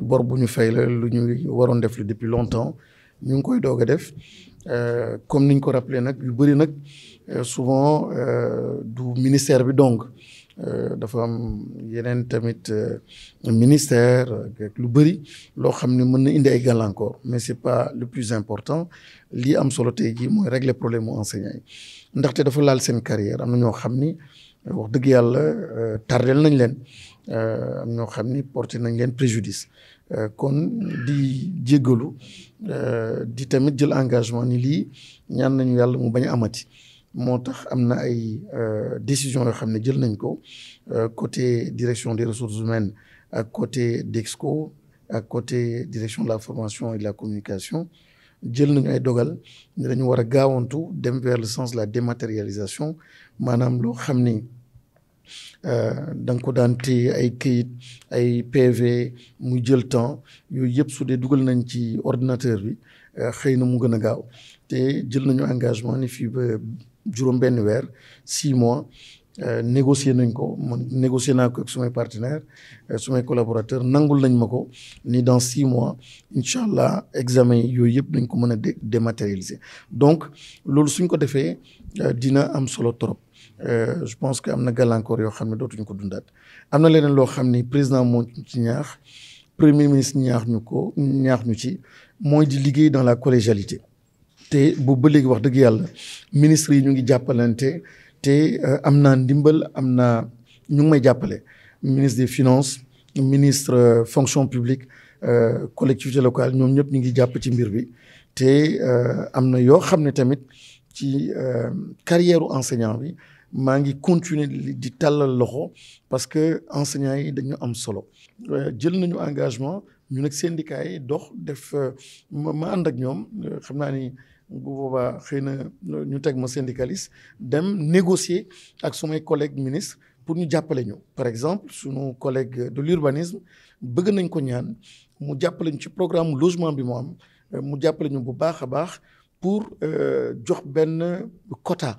bor buñu ñu fay la lu ñu waroon def la depuis longtemps ñu ngi koy doog a def euh, comme niñ ko rappelé nag yu bëri nag euh, souvent euh, du ministère bi donc dafa am yeneen tamit ministère ak lu bëri loo xam ne mën na indi ay gàllankoor mais c'est pas le plus important li am solo tey jii mooy régler problème mu enseignants yi ndaxte dafa laal seen carrière am na ñoo xam ni wax dëgg yàlla tardel nañ leen euh, am ñoo porté préjudice euh, kon di euh, di tamit engagement ni ñaan nañu mu amati décision côté direction des ressources humaines ak côté DEXCO ak côté direction de la formation et de la communication ay dogal vers le sens de la dématérialisation euh, da nga ko daan téye ay këyit ay PV muy jël temps yooyu yëpp su dee dugal nañ ci ordinateur bi euh, xëy na mu gën a gaaw te jël nañu engagement ni fii ba juróom benn weer six mois euh, négocier nañ ko man négocier naa ko ak sumay partenaires sumay collaborateurs nangul nañ ma ko ni dans six mois incha allah examen yooyu yëpp dañ ko mën a dématérialiser donc loolu suñ ko defee dina am solo trop. Euh, je pense que nous na yo ko leneen président mo ci premier ministre dans la collégialité Té, bu ba wax ministre ñu ngi jàppalante te euh, am ndimbal ministre des finances ministre euh, fonction publique collectivité locale ñoom ñëpp ñu ngi jàpp ci mbir bi ci euh, carrière enseignant bi maa ngi continuer di tàllal loxo parce que enseignant yi dañu am solo euh, jël nañu engagement ñu nag syndicat yi dox def euh, ma ànd ak ñoom xam naa ni bu boobaa xëy na ñu teg ma syndicaliste dem négocier ak sumay collègues ministres pour ñu jàppale ñu par exemple suñu collègue de l'urbanisme bëgg nañ ko ñaan mu jàppale ñu ci programme logement bi mu am mu jàppale ñu bu baax a baax pour euh, jox Ben quota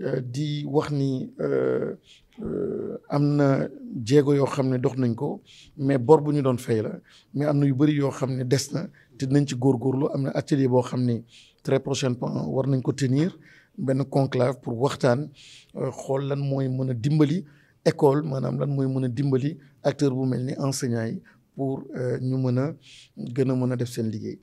Euh, di wax ni euh, euh, am na jéego yoo xam ne dox nañ ko mais bor bu ñu doon fay la mais am na yu bëri yoo xam ne des na te nañ ci góor góorlu am na actelier boo xam ni très prochainement war nañ ko tenir benn conclave pour waxtaan xool lan mooy mën a dimbali école maanaam lan mooy mën a dimbali acteur bu mel ni enseignant yi pour ñu mën a gën a mën a def seen liggéey.